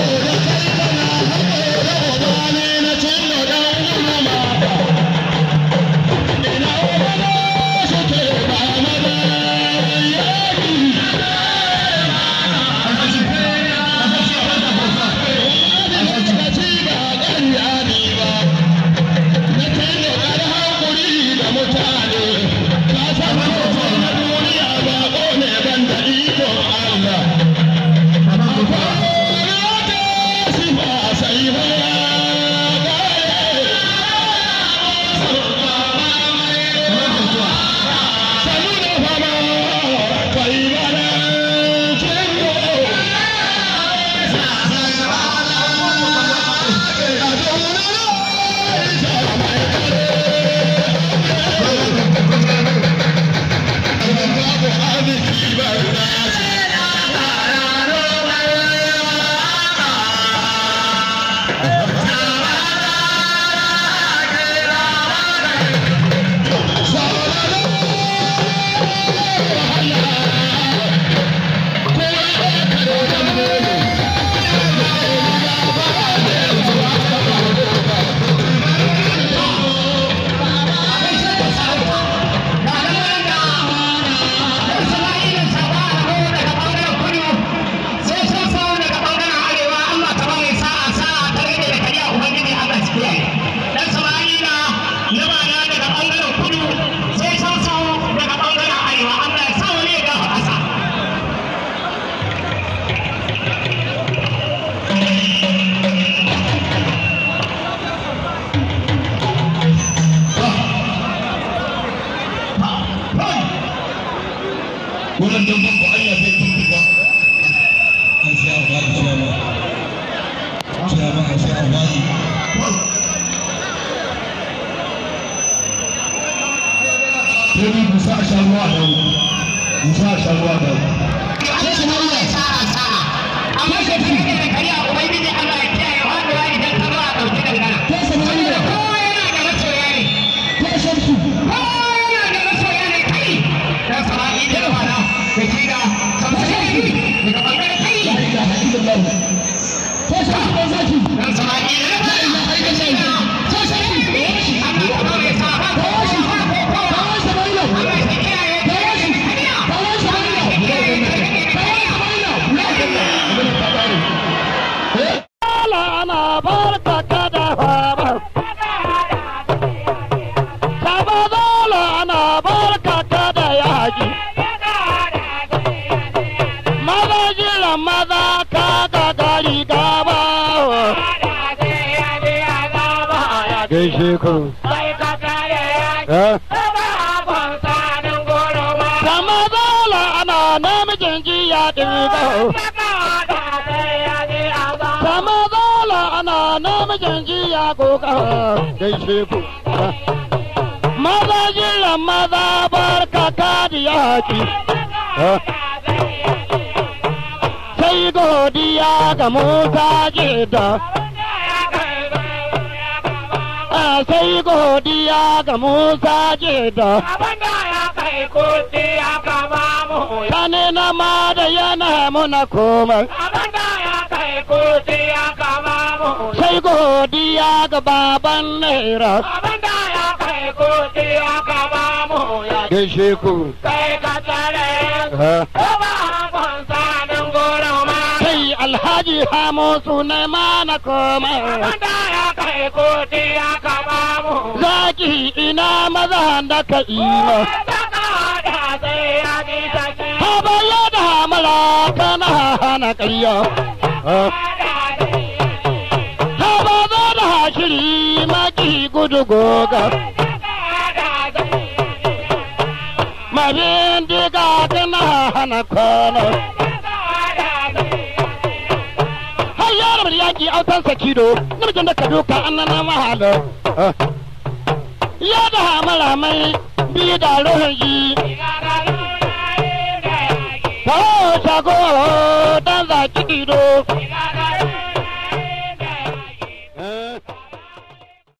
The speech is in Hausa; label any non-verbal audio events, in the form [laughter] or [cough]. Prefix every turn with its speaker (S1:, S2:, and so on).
S1: Yeah. [laughs] Jadi bisa riga gaishe ku eh? ana namijin jiya ana namijin jiya ko gaishe ku maza jiran maza barka kadiya ki godiya ga Musa Jidda. Sai godiya ga Musa Jida. Kane na ma da yana muna komai. Sai godiya ga baban Naira. Gaishe ku. Kai ka tsare. alhaji hamo sune mana komai zaki ina maza da ka ima haba ya da hamala kana hana ƙarya haba za da hashiri maki gudu goga mabin diga kana hana kwana yaki autan sakido namijin da ka doka annana mahala ah. ya da hamara mai bi da rohin yi Ta shago dan zaki do.